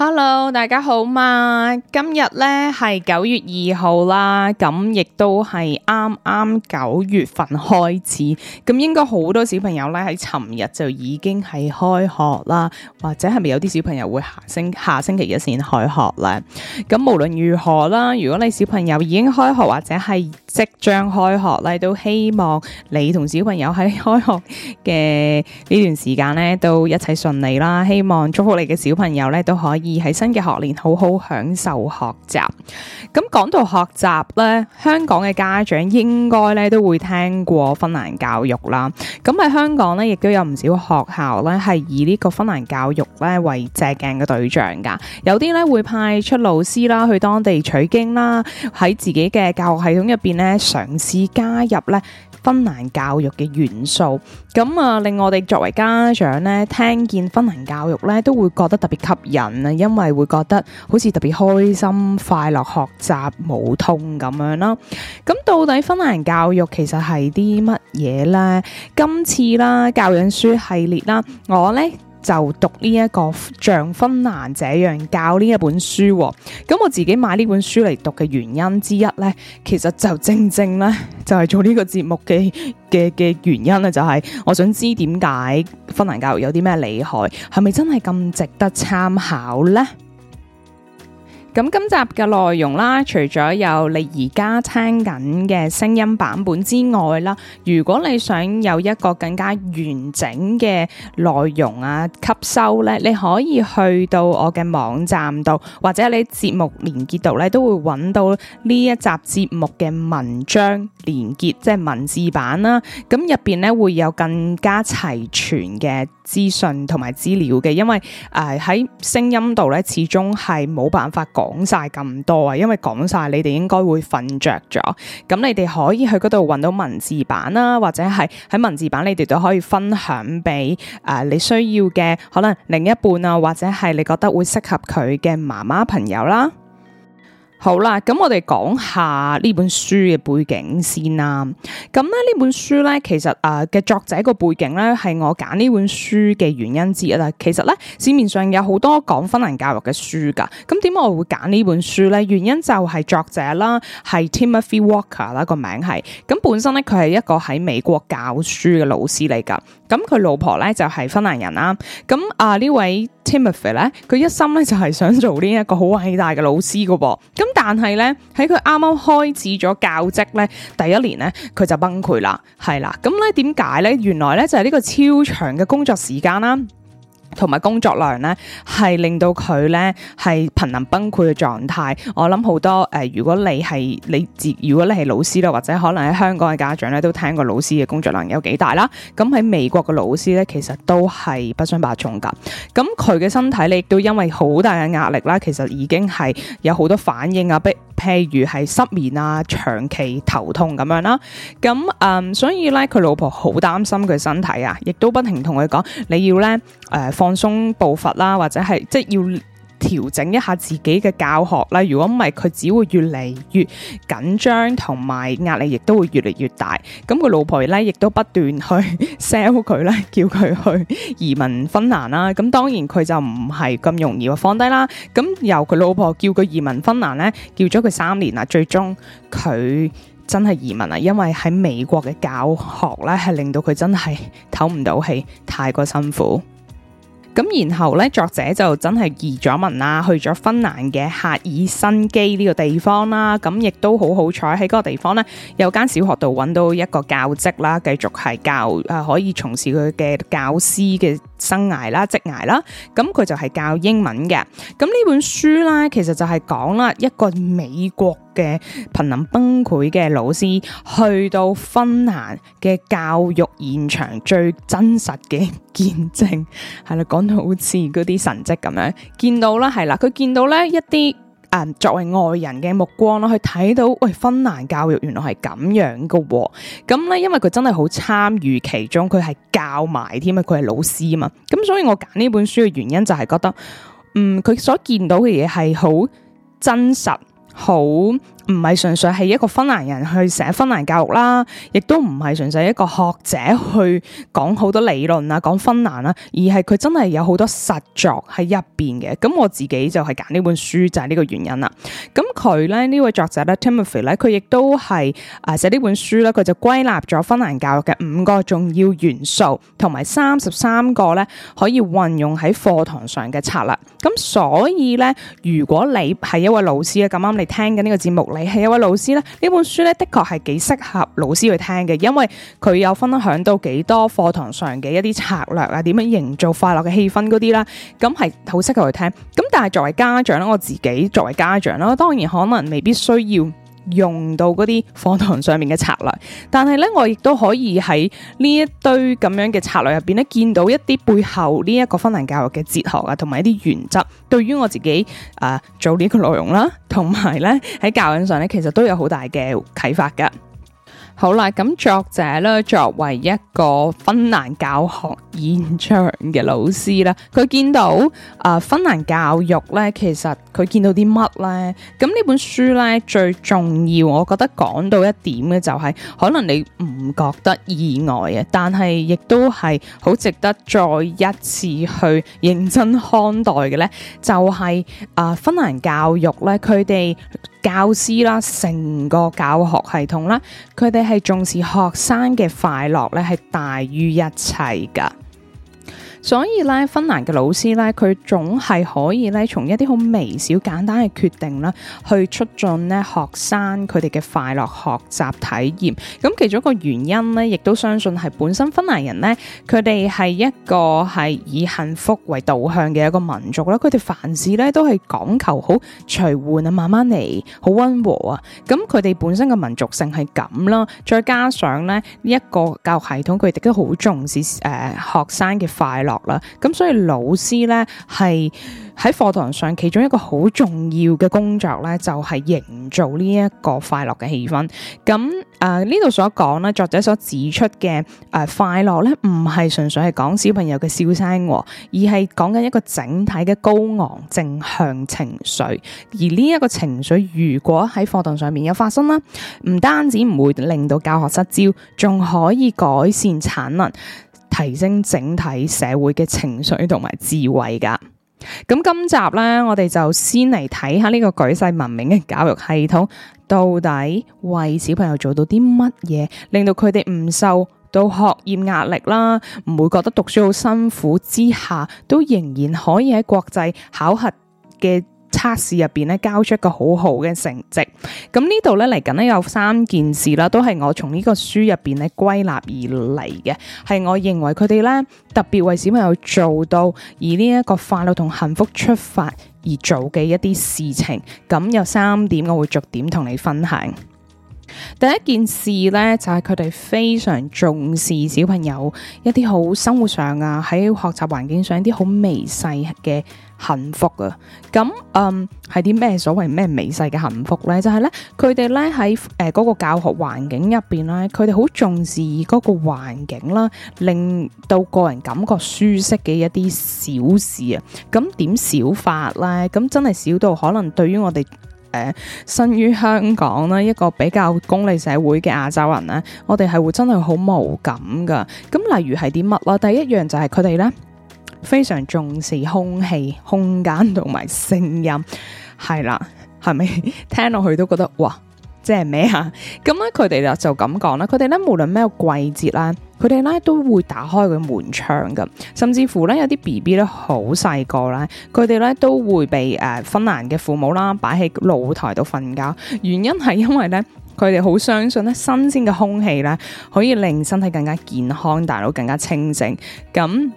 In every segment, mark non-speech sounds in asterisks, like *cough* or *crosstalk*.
Hello，大家好嘛！今日咧係九月二號啦，咁亦都係啱啱九月份開始，咁應該好多小朋友咧喺尋日就已經係開學啦，或者係咪有啲小朋友會下星下星期一先開學咧？咁無論如何啦，如果你小朋友已經開學或者係即將開學咧，都希望你同小朋友喺開學嘅呢段時間咧都一切順利啦，希望祝福你嘅小朋友咧都可以。而喺新嘅學年，好好享受學習。咁講到學習呢，香港嘅家長應該咧都會聽過芬蘭教育啦。咁喺香港呢，亦都有唔少學校呢係以呢個芬蘭教育咧為借鏡嘅對象噶。有啲呢會派出老師啦去當地取經啦，喺自己嘅教學系統入邊呢，嘗試加入呢。芬蘭教育嘅元素，咁啊令我哋作為家長咧，聽見芬蘭教育咧都會覺得特別吸引啊，因為會覺得好似特別開心、快樂學習冇痛咁樣啦。咁到底芬蘭教育其實係啲乜嘢呢？今次啦，教養書系列啦，我呢。就讀呢、這、一個像芬蘭這樣教呢一本書、哦，咁我自己買呢本書嚟讀嘅原因之一呢，其實就正正呢，就係、是、做呢個節目嘅嘅嘅原因啦，就係我想知點解芬蘭教育有啲咩厲害，係咪真係咁值得參考呢？咁今集嘅內容啦，除咗有你而家聽緊嘅聲音版本之外啦，如果你想有一個更加完整嘅內容啊，吸收呢，你可以去到我嘅網站度，或者你節目連結度呢，都會搵到呢一集節目嘅文章連結，即係文字版啦。咁入邊呢，會有更加齊全嘅資訊同埋資料嘅，因為誒喺、呃、聲音度呢，始終係冇辦法講。講晒咁多啊，因為講晒你哋應該會瞓着咗。咁你哋可以去嗰度揾到文字版啦，或者係喺文字版，你哋都可以分享俾誒、呃、你需要嘅可能另一半啊，或者係你覺得會適合佢嘅媽媽朋友啦。好啦，咁、嗯、我哋講下呢本書嘅背景先啦。咁咧呢本書咧，其實誒嘅、呃、作者個背景咧係我揀呢本書嘅原因之一啦。其實咧，市面上有好多講芬蘭教育嘅書噶，咁點解我會揀呢本書咧？原因就係作者啦，係 Timothy Walker 啦，個名係咁、嗯、本身咧佢係一個喺美國教書嘅老師嚟噶。咁佢老婆咧就係芬蘭人啦，咁、啊、呢位 Timothy 咧，佢一心咧就係想做呢一個好偉大嘅老師噶噃，咁但係咧喺佢啱啱開始咗教職咧，第一年咧佢就崩潰了啦，係啦，咁呢點解咧？原來咧就係呢個超長嘅工作時間啦。同埋工作量咧，係令到佢咧係瀕臨崩潰嘅狀態。我諗好多誒、呃，如果你係你自，如果你係老師啦，或者可能喺香港嘅家長咧，都聽過老師嘅工作量有幾大啦。咁喺美國嘅老師咧，其實都係不相伯仲㗎。咁佢嘅身體你亦都因為好大嘅壓力啦，其實已經係有好多反應啊，譬譬如係失眠啊、長期頭痛咁樣啦。咁嗯，所以咧，佢老婆好擔心佢身體啊，亦都不停同佢講，你要咧誒。呃放鬆步伐啦，或者係即係要調整一下自己嘅教學啦。如果唔係，佢只會越嚟越緊張，同埋壓力亦都會越嚟越大。咁佢老婆咧，亦都不斷去 sell 佢咧， *laughs* 叫佢去移民芬蘭啦。咁當然佢就唔係咁容易話放低啦。咁由佢老婆叫佢移民芬蘭咧，叫咗佢三年啦，最終佢真係移民啦。因為喺美國嘅教學咧，係令到佢真係唞唔到氣，太過辛苦。咁然後作者就真係移咗民啦，去咗芬蘭嘅赫爾辛基呢個地方啦。咁亦都好好彩，喺嗰個地方呢，有間小學度揾到一個教職啦，繼續係教、呃、可以從事佢嘅教師嘅。生涯啦、職涯啦，咁、嗯、佢就係教英文嘅。咁、嗯、呢本書咧，其實就係講啦一個美國嘅瀕臨崩潰嘅老師，去到芬蘭嘅教育現場最真實嘅見證，係啦，講到好似嗰啲神蹟咁樣，見到啦，係啦，佢見到咧一啲。作為外人嘅目光去睇到，喂，芬蘭教育原來係咁樣嘅。哦，咁咧因為佢真係好參與其中，佢係教埋添啊，佢係老師啊嘛，咁所以我揀呢本書嘅原因就係覺得，嗯，佢所見到嘅嘢係好真實，好。唔係純粹係一個芬蘭人去寫芬蘭教育啦，亦都唔係純粹係一個學者去講好多理論啊、講芬蘭啦，而係佢真係有好多實作喺入邊嘅。咁我自己就係揀呢本書就係呢個原因啦。咁佢咧，呢位作者咧 Timothy 咧，佢亦都係啊寫呢本書咧，佢就歸納咗芬蘭教育嘅五個重要元素，同埋三十三個咧可以運用喺課堂上嘅策略。咁所以咧，如果你係一位老師嘅，咁啱你聽緊呢個節目，你係一位老師咧，呢本書咧，的確係幾適合老師去聽嘅，因為佢有分享到幾多課堂上嘅一啲策略啊，點樣營造快樂嘅氣氛嗰啲啦，咁係好適合去聽。咁但係作為家長咧，我自己作為家長啦，當然可能未必需要，用到嗰啲課堂上面嘅策略，但係咧我亦都可以喺呢一堆咁樣嘅策略入邊咧，見到一啲背後呢一個芬蘭教育嘅哲學啊，同埋一啲原則，對於我自己啊、呃、做呢一個內容啦，同埋咧喺教育上咧，其實都有好大嘅啟發㗎。好啦，咁作者咧，作為一個芬蘭教學現場嘅老師啦，佢見到啊、呃、芬蘭教育咧，其實佢見到啲乜咧？咁呢本書咧最重要，我覺得講到一點嘅就係、是，可能你唔覺得意外啊，但係亦都係好值得再一次去認真看待嘅咧，就係、是、啊、呃、芬蘭教育咧，佢哋。教師啦，成個教學系統啦，佢哋係重視學生嘅快樂咧，係大於一切㗎。所以咧，芬蘭嘅老師咧，佢總係可以咧，從一啲好微小簡單嘅決定啦，去促進咧學生佢哋嘅快樂學習體驗，咁其中一個原因咧，亦都相信係本身芬蘭人咧，佢哋係一個係以幸福為導向嘅一個民族啦。佢哋凡事咧都係講求好隨和啊，慢慢嚟，好溫和啊。咁佢哋本身嘅民族性係咁啦，再加上咧呢一個教育系統佢哋都好重視誒、呃、學生嘅快樂。落啦，咁所以老師咧係喺課堂上其中一個好重要嘅工作咧，就係、是、營造呢一個快樂嘅氣氛。咁誒呢度所講咧，作者所指出嘅誒、呃、快樂咧，唔係純粹係講小朋友嘅笑聲，而係講緊一個整體嘅高昂正向情緒。而呢一個情緒如果喺課堂上面有發生啦，唔單止唔會令到教學失焦，仲可以改善產能。提升整體社會嘅情緒同埋智慧㗎，咁今集呢，我哋就先嚟睇下呢個舉世聞名嘅教育系統到底為小朋友做到啲乜嘢，令到佢哋唔受到學業壓力啦，唔會覺得讀書好辛苦之下，都仍然可以喺國際考核嘅。測試入邊咧，交出一個好好嘅成績。咁呢度咧，嚟緊咧，有三件事啦，都係我從呢個書入邊咧歸納而嚟嘅，係我認為佢哋咧特別為小朋友做到以呢一個快樂同幸福出發而做嘅一啲事情，咁有三點我會逐點同你分享。第一件事咧，就係佢哋非常重視小朋友一啲好生活上啊，喺學習環境上一啲好微細嘅幸福啊。咁嗯，係啲咩所謂咩微細嘅幸福咧？就係咧，佢哋咧喺誒嗰個教學環境入邊咧，佢哋好重視嗰個環境啦，令到個人感覺舒適嘅一啲小事啊。咁點小法咧？咁真係少到可能對於我哋。誒，身於香港啦，一個比較功利社會嘅亞洲人咧，我哋係會真係好無感噶。咁例如係啲乜啦？第一樣就係佢哋咧，非常重視空氣、空間同埋聲音，係啦，係咪？ *laughs* 聽落去都覺得哇，即係咩吓？咁咧，佢哋咧就咁講啦。佢哋咧無論咩季節啦。佢哋咧都會打開佢門窗噶，甚至乎咧有啲 B B 咧好細個啦，佢哋咧都會被誒芬蘭嘅父母啦擺喺露台度瞓覺，原因係因為咧佢哋好相信咧新鮮嘅空氣咧可以令身體更加健康，大腦更加清醒。咁。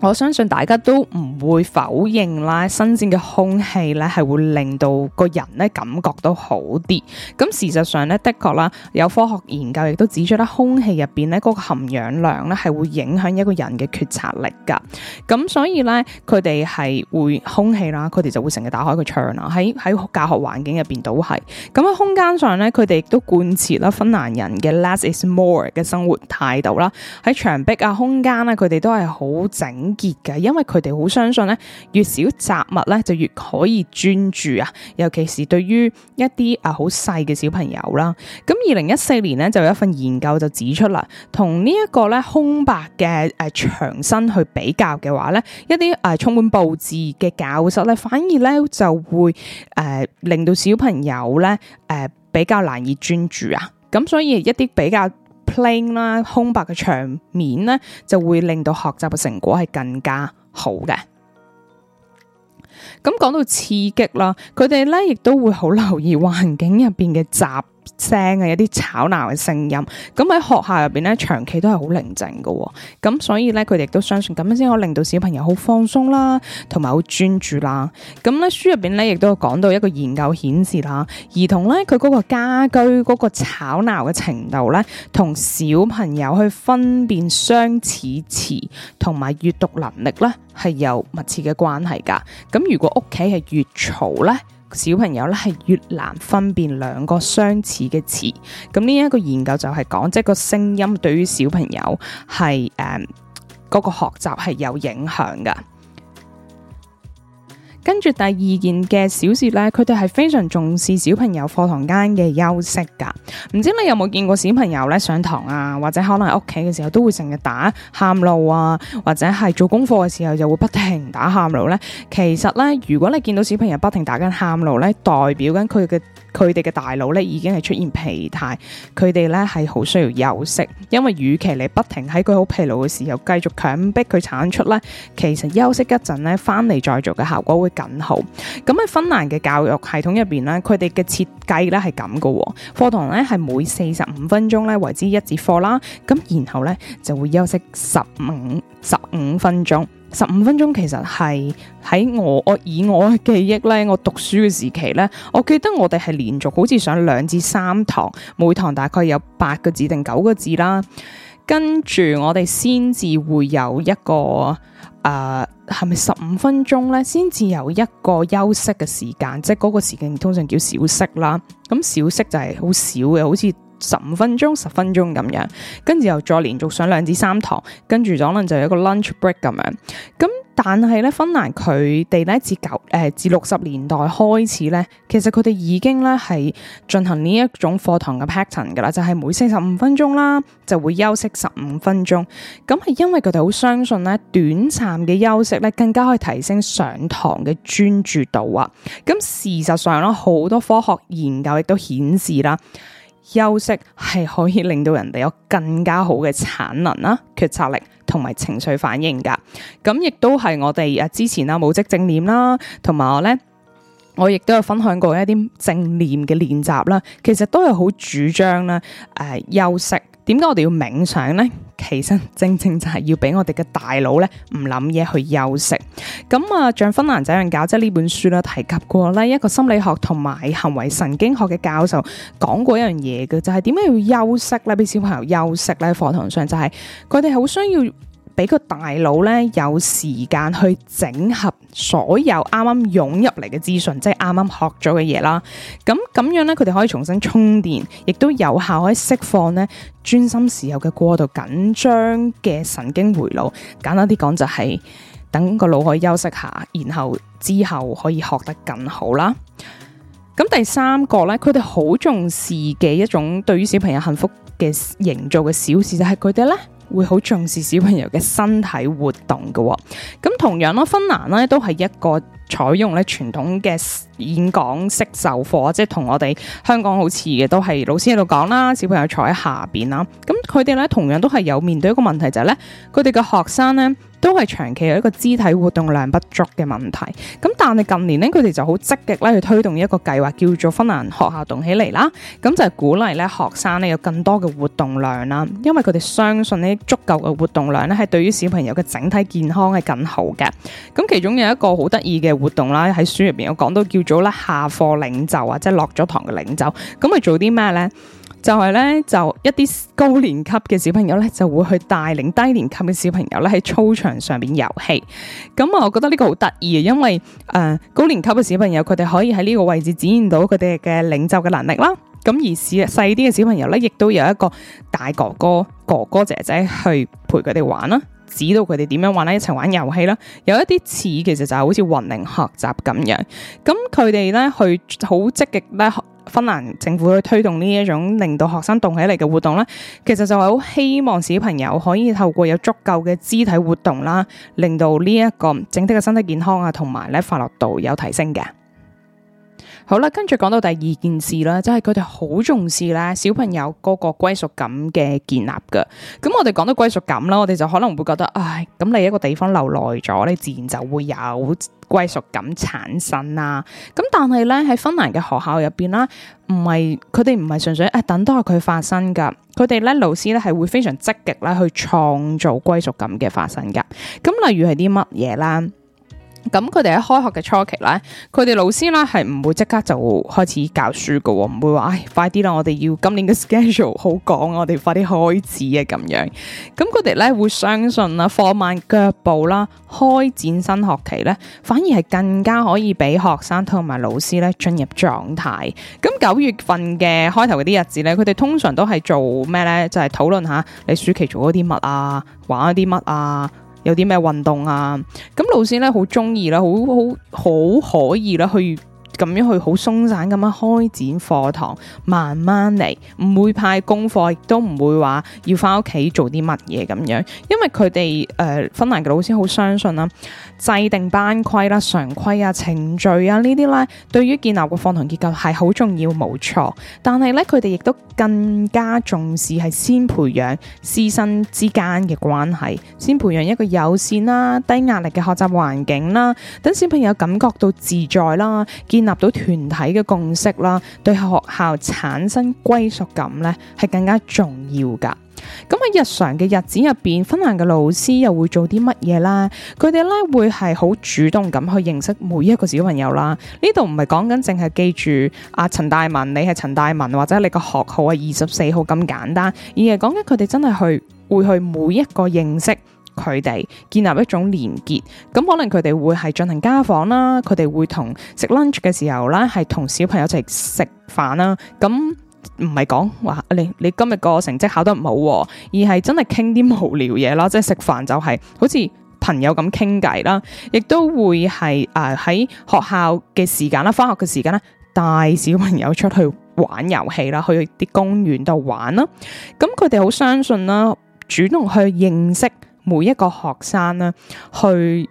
我相信大家都唔會否認啦，新鮮嘅空氣咧係會令到個人咧感覺都好啲。咁事實上咧，的確啦，有科學研究亦都指出啦，空氣入邊咧嗰個含氧量咧係會影響一個人嘅決策力㗎。咁所以咧，佢哋係會空氣啦，佢哋就會成日打開個窗啊。喺喺教學環境入邊都係。咁喺空間上咧，佢哋亦都貫徹啦芬蘭人嘅 less is more 嘅生活態度啦。喺牆壁啊、空間啊，佢哋都係好整潔嘅，因為佢哋好相信咧，越少雜物咧，就越可以專注啊。尤其是對於一啲啊好細嘅小朋友啦。咁二零一四年咧就有一份研究就指出啦，同呢一個咧空白嘅誒、呃、牆身去比較嘅話咧，一啲誒、呃、充滿布置嘅教室咧，反而咧就會誒、呃、令到小朋友咧誒、呃、比較難以專注啊。咁所以一啲比較。清啦，空白嘅場面咧，就會令到學習嘅成果係更加好嘅。咁講到刺激啦，佢哋咧亦都會好留意環境入邊嘅雜。聲呀，一啲吵鬧嘅聲音，咁喺學校入邊咧，長期都係好寧靜嘅哦，咁所以咧，佢哋都相信咁樣先可以令到小朋友好放鬆啦，同埋好專注啦。咁咧，書入邊咧亦都講到一個研究顯示啦，兒童咧，佢嗰個家居嗰個吵鬧嘅程度咧，同小朋友去分辨相似詞同埋閱讀能力咧係有密切嘅關係噶。咁如果屋企係越嘈咧，小朋友咧，係越難分辨兩個相似嘅詞。咁呢一個研究就係講，即係個聲音對於小朋友係誒嗰個學習係有影響㗎。跟住第二件嘅小事呢，佢哋係非常重視小朋友課堂間嘅休息㗎。唔知你有冇見過小朋友呢，上堂啊，或者可能喺屋企嘅時候都會成日打喊露啊，或者係做功課嘅時候又會不停打喊露呢。其實呢，如果你見到小朋友不停打緊喊露呢，代表緊佢嘅。佢哋嘅大腦咧已經係出現疲態，佢哋咧係好需要休息，因為與其你不停喺佢好疲勞嘅時候繼續強迫佢產出咧，其實休息一陣咧，翻嚟再做嘅效果會更好。咁喺芬蘭嘅教育系統入邊咧，佢哋嘅設計咧係咁嘅喎，課堂咧係每四十五分鐘咧為之一節課啦，咁然後咧就會休息十五十五分鐘。十五分鐘其實係喺我我以我嘅記憶咧，我讀書嘅時期咧，我記得我哋係連續好似上兩至三堂，每堂大概有八個字定九個字啦。跟住我哋先至會有一個誒，係咪十五分鐘咧？先至有一個休息嘅時間，即係嗰個時間通常叫小息啦。咁小息就係好少嘅，好似，十五分鐘、十分鐘咁樣，跟住又再連續上兩至三堂，跟住可能就有一個 lunch break 咁樣。咁但係咧，芬蘭佢哋咧自九誒、呃、自六十年代開始咧，其實佢哋已經咧係進行呢一種課堂嘅 pattern 噶啦，就係、是、每四十五分鐘啦就會休息十五分鐘。咁係因為佢哋好相信咧，短暫嘅休息咧更加可以提升上堂嘅專注度啊。咁事實上啦，好多科學研究亦都顯示啦。休息係可以令到人哋有更加好嘅產能啦、決策力同埋情緒反應噶。咁亦都係我哋啊之前啊冇積正念啦，同埋我咧，我亦都有分享過一啲正念嘅練習啦。其實都係好主張啦，誒、呃、休息。點解我哋要冥想咧？其實，正正就係要俾我哋嘅大腦咧唔諗嘢去休息。咁啊，像芬蘭這樣教即係呢本書咧提及過啦，一個心理學同埋行為神經學嘅教授講過一樣嘢嘅，就係點解要休息咧？俾小朋友休息咧，課堂上就係佢哋好需要。俾個大腦咧有時間去整合所有啱啱湧入嚟嘅資訊，即係啱啱學咗嘅嘢啦。咁咁樣咧，佢哋可以重新充電，亦都有效可以釋放呢專心時候嘅過度緊張嘅神經回路。簡單啲講就係、是、等個腦可以休息下，然後之後可以學得更好啦。咁第三個咧，佢哋好重視嘅一種對於小朋友幸福嘅營造嘅小事就係佢哋咧。會好重視小朋友嘅身體活動嘅哦，咁同樣咯，芬蘭咧都係一個採用咧傳統嘅演講式授課，即係同我哋香港好似嘅，都係老師喺度講啦，小朋友坐喺下面啦，咁佢哋咧同樣都係有面對一個問題就係咧，佢哋嘅學生咧。都係長期有一個肢體活動量不足嘅問題，咁但係近年呢，佢哋就好積極咧去推動一個計劃，叫做芬蘭學校動起嚟啦，咁就係鼓勵咧學生咧有更多嘅活動量啦，因為佢哋相信呢，足夠嘅活動量咧係對於小朋友嘅整體健康係更好嘅，咁其中有一個好得意嘅活動啦，喺書入邊有講到叫做咧「下課領袖」，啊，即係「落咗堂嘅領袖」。咁係做啲咩呢？就係咧，就一啲高年級嘅小朋友咧，就會去帶領低年級嘅小朋友咧喺操場上面遊戲。咁啊，我覺得呢個好得意啊，因為誒、呃、高年級嘅小朋友，佢哋可以喺呢個位置展現到佢哋嘅領袖嘅能力啦。咁而小細啲嘅小朋友咧，亦都有一個大哥哥、哥哥姐姐去陪佢哋玩啦，指導佢哋點樣玩啦，一齊玩遊戲啦。有一啲似其實就係好似混齡學習咁樣，咁佢哋咧去好積極咧芬蘭政府去推動呢一種令到學生動起嚟嘅活動，其實就係好希望小朋友可以透過有足夠嘅肢體活動啦，令到呢一個整體嘅身體健康啊同埋快樂度有提升嘅。好啦，跟住講到第二件事啦，即係佢哋好重視咧小朋友嗰個歸屬感嘅建立噶。咁我哋講到歸屬感啦，我哋就可能會覺得，唉，咁你一個地方留耐咗，你自然就會有歸屬感產生啦，啊。咁，嗯，但係咧喺芬蘭嘅學校入邊啦，唔係佢哋唔係純粹誒等都係佢發生噶，佢哋咧老師咧係會非常積極咧去創造歸屬感嘅發生噶。咁，嗯，例如係啲乜嘢啦？咁佢哋喺開學嘅初期咧，佢哋老師咧係唔會即刻就開始教書噶喎，唔會話唉快啲啦，我哋要今年嘅 schedule 好趕，我哋快啲開始啊咁樣。咁佢哋咧會相信啊放慢腳步啦，開展新學期咧，反而係更加可以俾學生同埋老師咧進入狀態。咁九月份嘅開頭嗰啲日子咧，佢哋通常都係做咩咧？就係討論下你暑期做咗啲乜啊，玩咗啲乜啊。有啲咩運動啊？咁老師呢，好鍾意啦，好好好，可以啦，去。咁樣去好鬆散咁樣開展課堂，慢慢嚟，唔會派功課，亦都唔會話要翻屋企做啲乜嘢咁樣。因為佢哋誒，芬蘭嘅老師好相信啦、啊，制定班規啦、常規啊、程序啊呢啲啦，對於建立個課堂結構係好重要，冇錯。但係呢，佢哋亦都更加重視係先培養師生之間嘅關係，先培養一個友善啦、啊、低壓力嘅學習環境啦、啊，等小朋友感覺到自在啦、啊，見。立到團體嘅共識啦，對學校產生歸屬感咧，係更加重要噶咁、嗯、喺日常嘅日子入邊，芬蘭嘅老師又會做啲乜嘢啦？佢哋咧會係好主動咁去認識每一個小朋友啦。呢度唔係講緊淨係記住阿、啊、陳大文，你係陳大文或者你個學號係二十四號咁簡單，而係講緊佢哋真係去會去每一個認識。佢哋建立一種連結，咁可能佢哋會係進行家訪啦。佢哋會同食 lunch 嘅時候啦，係同小朋友一齊食飯啦。咁唔係講話你你今日個成績考得唔好，而係真係傾啲無聊嘢咯。即係食飯就係好似朋友咁傾偈啦，亦都會係啊喺學校嘅時間啦，返學嘅時間啦，帶小朋友出去玩遊戲啦，去啲公園度玩啦。咁佢哋好相信啦，主動去認識。每一個學生咧，去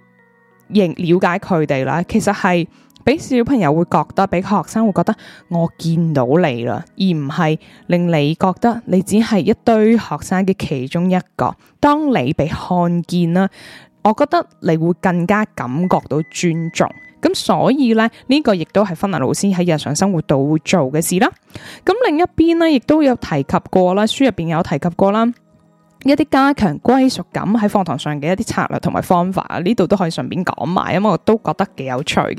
認了解佢哋啦。其實係俾小朋友會覺得，俾學生會覺得，我見到你啦，而唔係令你覺得你只係一堆學生嘅其中一個。當你被看見啦，我覺得你會更加感覺到尊重。咁所以咧，呢個亦都係芬蘭老師喺日常生活度會做嘅事啦。咁另一邊呢，亦都有提及過啦，書入邊有提及過啦。一啲加強歸屬感喺課堂上嘅一啲策略同埋方法，呢度都可以順便講埋，因為我都覺得幾有趣嘅。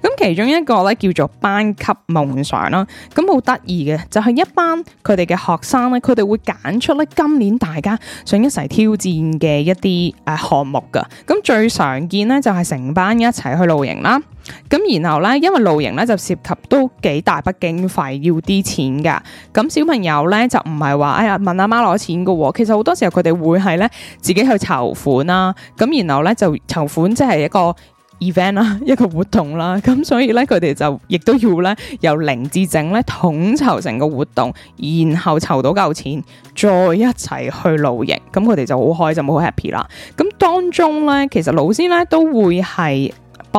咁其中一個咧叫做班級夢想啦，咁好得意嘅就係一班佢哋嘅學生咧，佢哋會揀出咧今年大家想一齊挑戰嘅一啲誒項目噶。咁最常見咧就係成班一齊去露營啦。咁然後咧，因為露營咧就涉及都幾大筆經費，要啲錢噶。咁小朋友咧就唔係話哎呀問阿媽攞錢噶，哦，其實好多時候佢哋會係咧自己去籌款啦。咁然後咧就籌款即係一個 event 啦，一個活動啦。咁所以咧佢哋就亦都要咧由零至整咧統籌成個活動，然後籌到夠錢，再一齊去露營。咁佢哋就好開心，好 happy 啦。咁當中咧，其實老師咧都會係。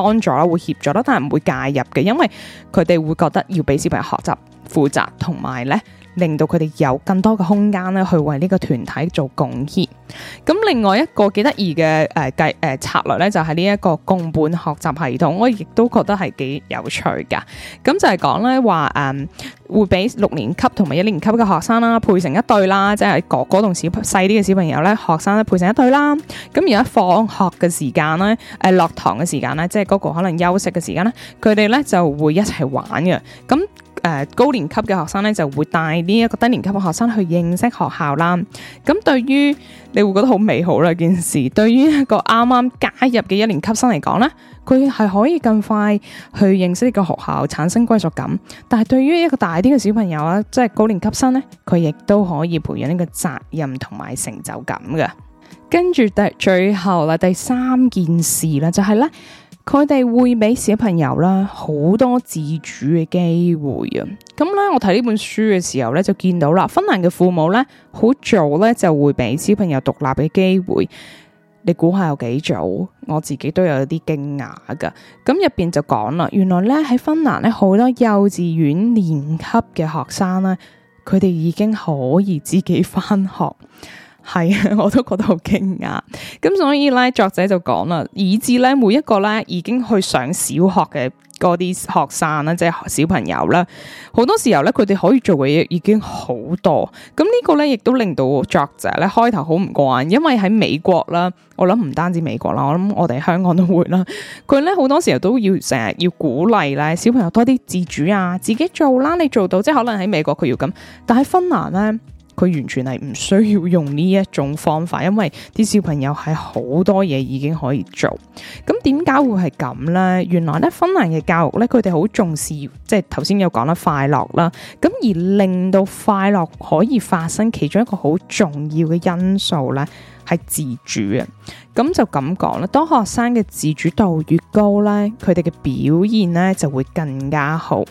幫助啦，會協助啦，但係唔會介入嘅，因為佢哋會覺得要俾小朋友學習負責，同埋咧，令到佢哋有更多嘅空間咧，去為呢個團體做貢獻。咁另外一個幾得意嘅誒計誒策略咧，就係呢一個共伴學習系統，我亦都覺得係幾有趣噶。咁就係講咧話誒會俾六年級同埋一年級嘅學生啦，配成一對啦，即係哥哥同小細啲嘅小朋友咧，學生咧配成一對啦。咁而家放學嘅時間咧，誒、呃、落堂嘅時間咧，即係嗰個可能休息嘅時間咧，佢哋咧就會一齊玩嘅。咁誒、呃，高年級嘅學生咧就會帶呢一個低年級嘅學生去認識學校啦。咁對於你會覺得好美好啦件事， *laughs* 對於一個啱啱加入嘅一年級生嚟講咧，佢係可以更快去認識呢個學校，產生歸屬感。但係對於一個大啲嘅小朋友啊，即係高年級生咧，佢亦都可以培養呢個責任同埋成就感嘅。跟住第最後啦，第三件事啦，就係、是、咧。佢哋會俾小朋友啦好多自主嘅機會啊！咁咧，我睇呢本書嘅時候咧，就見到啦，芬蘭嘅父母咧好早咧就會俾小朋友獨立嘅機會。你估下有幾早？我自己都有啲驚訝噶。咁入邊就講啦，原來咧喺芬蘭咧好多幼稚園年級嘅學生咧，佢哋已經可以自己返學。係啊，我都覺得好驚訝。咁所以咧，作者就講啦，以至咧，每一個咧已經去上小學嘅嗰啲學生啦，即係小朋友啦，好多時候咧，佢哋可以做嘅嘢，已經好多。咁呢個咧，亦都令到作者咧開頭好唔慣，因為喺美國啦，我諗唔單止美國啦，我諗我哋香港都會啦。佢咧好多時候都要成日要鼓勵咧小朋友多啲自主啊，自己做啦，你做到即係可能喺美國佢要咁，但係芬蘭咧。佢完全係唔需要用呢一種方法，因為啲小朋友係好多嘢已經可以做。咁點解會係咁呢？原來咧，芬蘭嘅教育咧，佢哋好重視，即係頭先有講得快樂啦。咁而令到快樂可以發生，其中一個好重要嘅因素咧，係自主啊。咁就咁講啦，當學生嘅自主度越高呢，佢哋嘅表現呢就會更加好。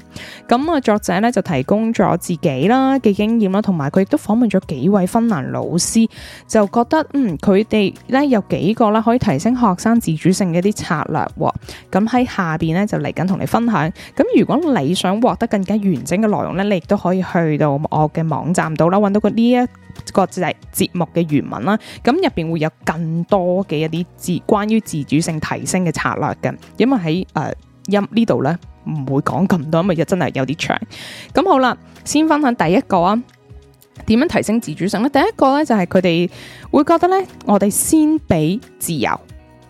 咁啊，作者呢就提供咗自己啦嘅經驗啦，同埋佢亦都訪問咗幾位芬蘭老師，就覺得，嗯，佢哋呢有幾個啦可以提升學生自主性嘅一啲策略喎。咁喺下邊呢就嚟緊同你分享。咁如果你想獲得更加完整嘅內容呢，你亦都可以去到我嘅網站度啦，揾到個呢一個即係節目嘅原文啦。咁入邊會有更多嘅。一啲自關於自主性提升嘅策略嘅，因為喺誒、呃、音呢度咧唔會講咁多，因為真係有啲長。咁好啦，先分享第一個啊，點樣提升自主性咧？第一個咧就係佢哋會覺得咧，我哋先俾自由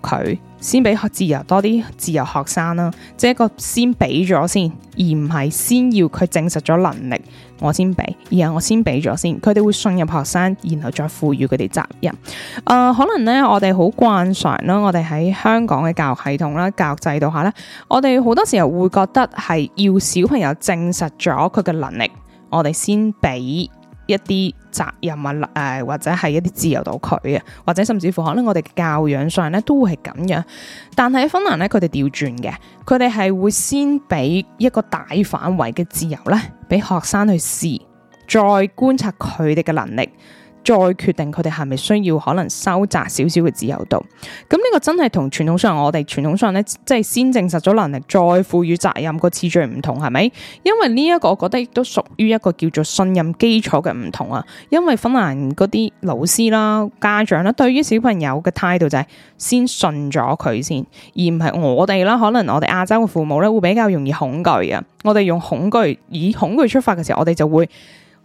佢。先俾自由多啲自由學生啦，即係一個先俾咗先，而唔係先要佢證實咗能力，我先俾，而係我先俾咗先。佢哋會信任學生，然後再賦予佢哋責任。誒、呃，可能咧，我哋好慣常啦，我哋喺香港嘅教育系統啦、教育制度下咧，我哋好多時候會覺得係要小朋友證實咗佢嘅能力，我哋先俾。一啲責任啊，誒、呃、或者係一啲自由到佢嘅，或者甚至乎可能我哋教養上咧都會係咁樣，但係芬蘭咧佢哋調轉嘅，佢哋係會先俾一個大範圍嘅自由咧，俾學生去試，再觀察佢哋嘅能力。再決定佢哋係咪需要可能收窄少少嘅自由度，咁呢個真係同傳統上我哋傳統上咧，即係先證實咗能力再賦予責任個次序唔同，係咪？因為呢一個我覺得亦都屬於一個叫做信任基礎嘅唔同啊。因為芬蘭嗰啲老師啦、家長啦，對於小朋友嘅態度就係先信咗佢先，而唔係我哋啦。可能我哋亞洲嘅父母咧會比較容易恐懼啊。我哋用恐懼以恐懼出發嘅時候，我哋就會。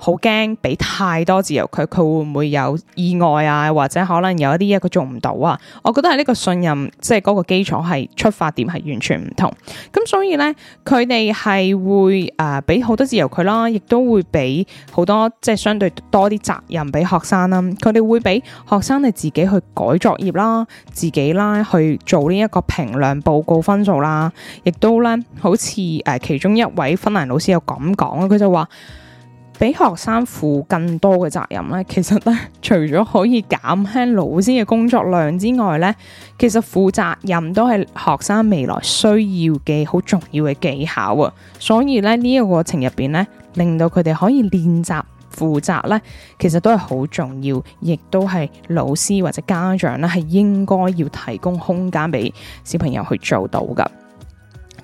好驚俾太多自由佢，佢會唔會有意外啊？或者可能有一啲嘢佢做唔到啊？我覺得係呢個信任，即係嗰個基礎係出發點係完全唔同。咁所以呢，佢哋係會誒俾好多自由佢啦，亦都會俾好多即係相對多啲責任俾學生啦。佢哋會俾學生你自己去改作業啦，自己啦去做呢一個評量報告分數啦，亦都呢，好似誒、呃、其中一位芬蘭老師有咁講，佢就話。俾學生負更多嘅責任咧，其實咧除咗可以減輕老師嘅工作量之外咧，其實負責任都係學生未來需要嘅好重要嘅技巧啊！所以咧呢個過程入邊咧，令到佢哋可以練習負責咧，其實都係好重要，亦都係老師或者家長咧係應該要提供空間俾小朋友去做到噶。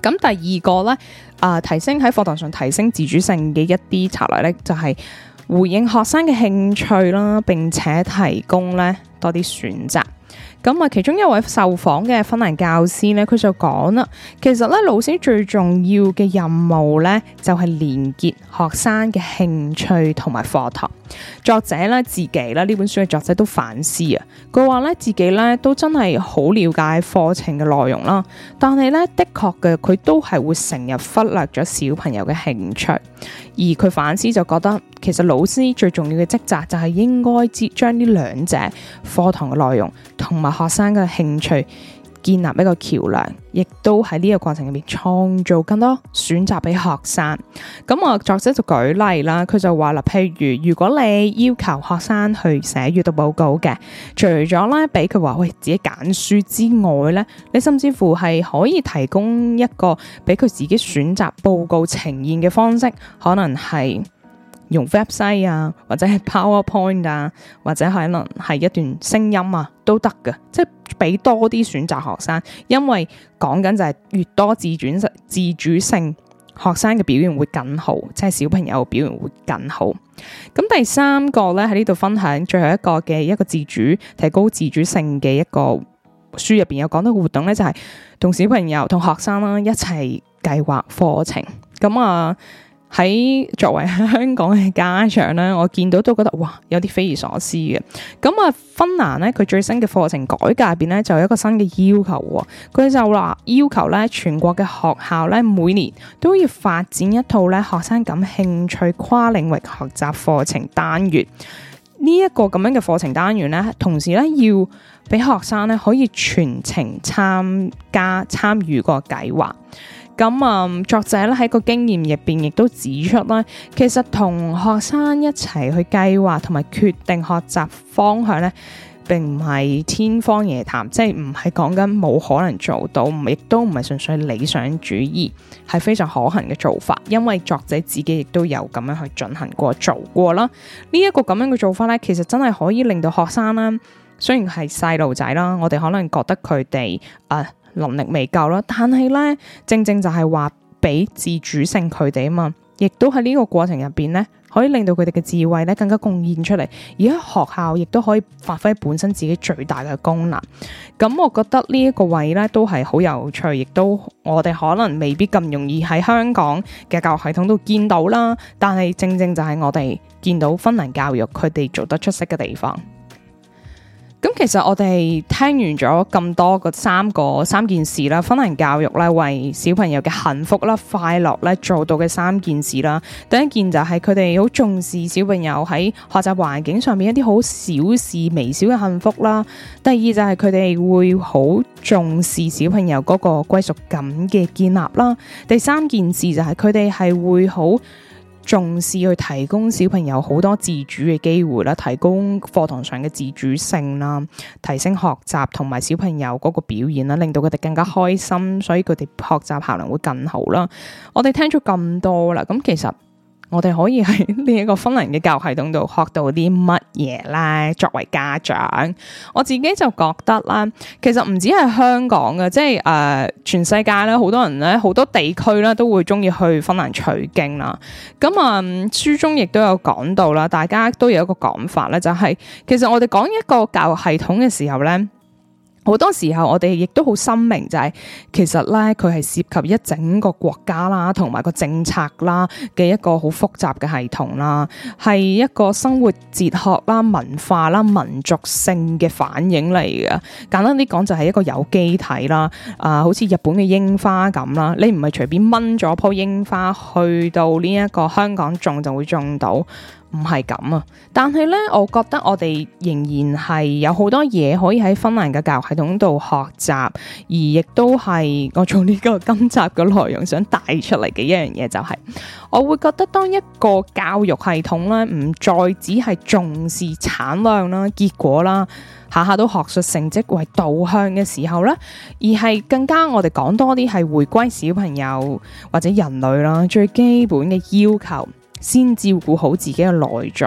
咁第二個咧。啊、呃！提升喺課堂上提升自主性嘅一啲策略呢，就係回應學生嘅興趣啦，並且提供呢多啲選擇。咁啊，其中一位受訪嘅芬蘭教師呢，佢就講啦，其實咧老師最重要嘅任務呢，就係連結學生嘅興趣同埋課堂。作者咧，自己咧，呢本書嘅作者都反思啊，佢話咧，自己咧都真係好了解課程嘅內容啦，但係咧，的確嘅佢都係會成日忽略咗小朋友嘅興趣，而佢反思就覺得其實老師最重要嘅職責就係應該將將呢兩者課堂嘅內容同埋學生嘅興趣。建立一個橋樑，亦都喺呢個過程入面創造更多選擇俾學生。咁我作者就舉例啦，佢就話啦，譬如如果你要求學生去寫閱讀報告嘅，除咗咧俾佢話喂，自己揀書之外咧，你甚至乎係可以提供一個俾佢自己選擇報告呈現嘅方式，可能係。用 website 啊，或者係 PowerPoint 啊，或者可能係一段聲音啊，都得嘅。即係俾多啲選擇學生，因為講緊就係越多自主自主性學生嘅表現會更好，即係小朋友表現會更好。咁第三個咧喺呢度分享最後一個嘅一個自主提高自主性嘅一個書入邊有講到個活動咧，就係、是、同小朋友同學生啦、啊、一齊計劃課程。咁啊～喺作為香港嘅家長咧，我見到都覺得哇，有啲匪夷所思嘅。咁啊，芬蘭咧佢最新嘅課程改革入邊咧，就有一個新嘅要求喎。佢就話要求咧，全國嘅學校咧每年都要發展一套咧學生感興趣跨領域學習課程單元。呢一個咁樣嘅課程單元咧，同時咧要俾學生咧可以全程參加參與個計劃。咁啊、嗯，作者咧喺個經驗入邊，亦都指出啦，其實同學生一齊去計劃同埋決定學習方向咧，並唔係天方夜譚，即係唔係講緊冇可能做到，唔亦都唔係純粹理想主義，係非常可行嘅做法。因為作者自己亦都有咁樣去進行過做過啦。呢、這、一個咁樣嘅做法咧，其實真係可以令到學生啦，雖然係細路仔啦，我哋可能覺得佢哋啊。呃能力未夠啦，但係呢，正正就係話俾自主性佢哋啊嘛，亦都喺呢個過程入邊呢，可以令到佢哋嘅智慧呢更加貢獻出嚟，而喺學校亦都可以發揮本身自己最大嘅功能。咁，嗯，我覺得呢一個位呢都係好有趣，亦都我哋可能未必咁容易喺香港嘅教育系統度見到啦，但係正正就係我哋見到芬蘭教育佢哋做得出色嘅地方。咁其實我哋聽完咗咁多個三個三件事啦，芬蘭教育咧為小朋友嘅幸福啦、快樂咧做到嘅三件事啦。第一件就係佢哋好重視小朋友喺學習環境上面一啲好小事微小嘅幸福啦。第二就係佢哋會好重視小朋友嗰個歸屬感嘅建立啦。第三件事就係佢哋係會好重視去提供小朋友好多自主嘅機會啦，提供課堂上嘅自主性啦，提升學習同埋小朋友嗰個表現啦，令到佢哋更加開心，所以佢哋學習效能會更好啦。我哋聽咗咁多啦，咁其實。我哋可以喺呢一個芬蘭嘅教育系統度學到啲乜嘢咧？作為家長，我自己就覺得啦，其實唔止係香港嘅，即係誒、呃，全世界咧，好多人咧，好多地區咧，都會中意去芬蘭取經啦。咁啊、嗯，書中亦都有講到啦，大家都有一個講法咧，就係、是、其實我哋講一個教育系統嘅時候咧。好多時候，我哋亦都好深明、就是，就係其實咧，佢係涉及一整個國家啦，同埋個政策啦嘅一個好複雜嘅系統啦，係一個生活哲學啦、文化啦、民族性嘅反應嚟嘅。簡單啲講，就係一個有機體啦，啊、呃，好似日本嘅櫻花咁啦，你唔係隨便掹咗棵櫻花去到呢一個香港種就會種到。唔係咁啊！但係呢，我覺得我哋仍然係有好多嘢可以喺芬蘭嘅教育系統度學習，而亦都係我做呢個今集嘅內容想帶出嚟嘅一樣嘢就係，我會覺得當一個教育系統咧唔再只係重視產量啦、結果啦，下下都學術成績為導向嘅時候呢，而係更加我哋講多啲係回歸小朋友或者人類啦最基本嘅要求。先照顧好自己嘅內在，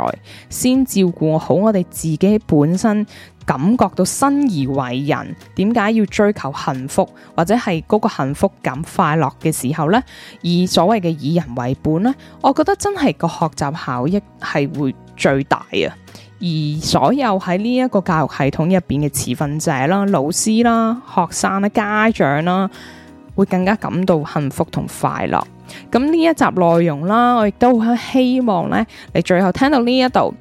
先照顧好我哋自己本身感覺到生而為人，點解要追求幸福或者係嗰個幸福感快樂嘅時候呢？而所謂嘅以人為本呢，我覺得真係個學習效益係會最大啊！而所有喺呢一個教育系統入邊嘅持份者啦、老師啦、學生啦、家長啦，會更加感到幸福同快樂。咁呢一集內容啦，我亦都好希望咧，你最後聽到呢一度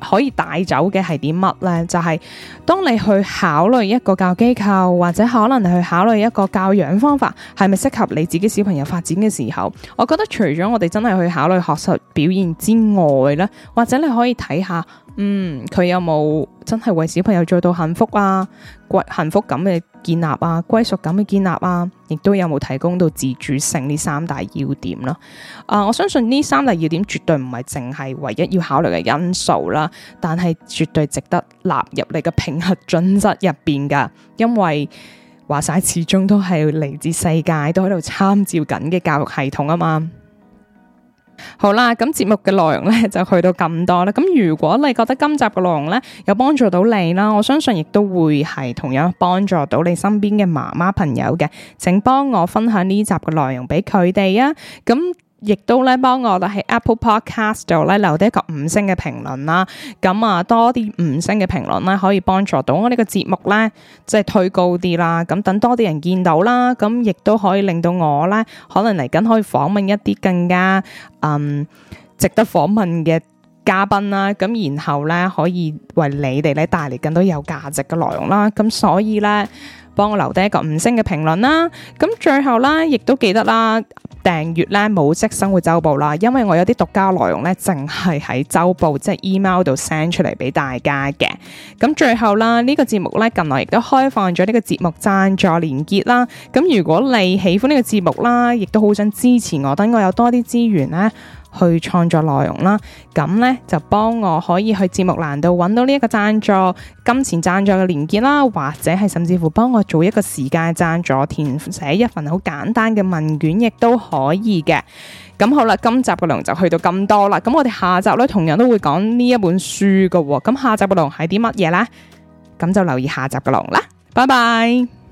可以帶走嘅係啲乜咧？就係、是，當你去考慮一個教育機構，或者可能你去考慮一個教養方法，係咪適合你自己小朋友發展嘅時候，我覺得除咗我哋真係去考慮學術表現之外咧，或者你可以睇下，嗯，佢有冇真係為小朋友做到幸福啊、幸福感嘅建立啊，歸屬感嘅建立啊，亦都有冇提供到自主性呢三大要點咯？啊、呃，我相信呢三大要點絕對唔係淨係唯一要考慮嘅因素啦，但係絕對值得納入你嘅評核準則入邊噶，因為話晒始終都係嚟自世界都喺度參照緊嘅教育系統啊嘛。好啦，咁節目嘅內容呢就去到咁多啦。咁如果你覺得今集嘅內容呢有幫助到你啦，我相信亦都會係同樣幫助到你身邊嘅媽媽朋友嘅，請幫我分享呢集嘅內容俾佢哋啊！咁。亦都咧，幫我哋喺 Apple Podcast 度咧留低一個五星嘅評論啦。咁、嗯、啊，多啲五星嘅評論咧，可以幫助到我呢個節目咧，即係推高啲啦。咁、嗯、等多啲人見到啦，咁、嗯、亦都可以令到我咧，可能嚟緊可以訪問一啲更加嗯值得訪問嘅嘉賓啦。咁、嗯、然後咧，可以為你哋咧帶嚟更多有價值嘅內容啦。咁、嗯、所以咧。幫我留低一個五星嘅評論啦，咁最後啦，亦都記得啦，訂閱咧《母職生活週報》啦，因為我有啲獨家內容咧，淨係喺周報即係 email 度 send 出嚟俾大家嘅。咁最後啦，呢個節目呢，近來亦都開放咗呢個節目贊助連結啦。咁如果你喜歡呢個節目啦，亦都好想支持我，等我有多啲資源呢，去創作內容啦，咁呢，就幫我可以去節目欄度揾到呢一個贊助金錢贊助嘅連結啦，或者係甚至乎幫我做一個時間贊助，填寫一份好簡單嘅問卷，亦都可以嘅。咁好啦，今集嘅龍就去到咁多啦。咁我哋下集呢，同樣都會講呢一本書㗎喎。咁下集嘅龍係啲乜嘢呢？咁就留意下集嘅龍啦。拜拜。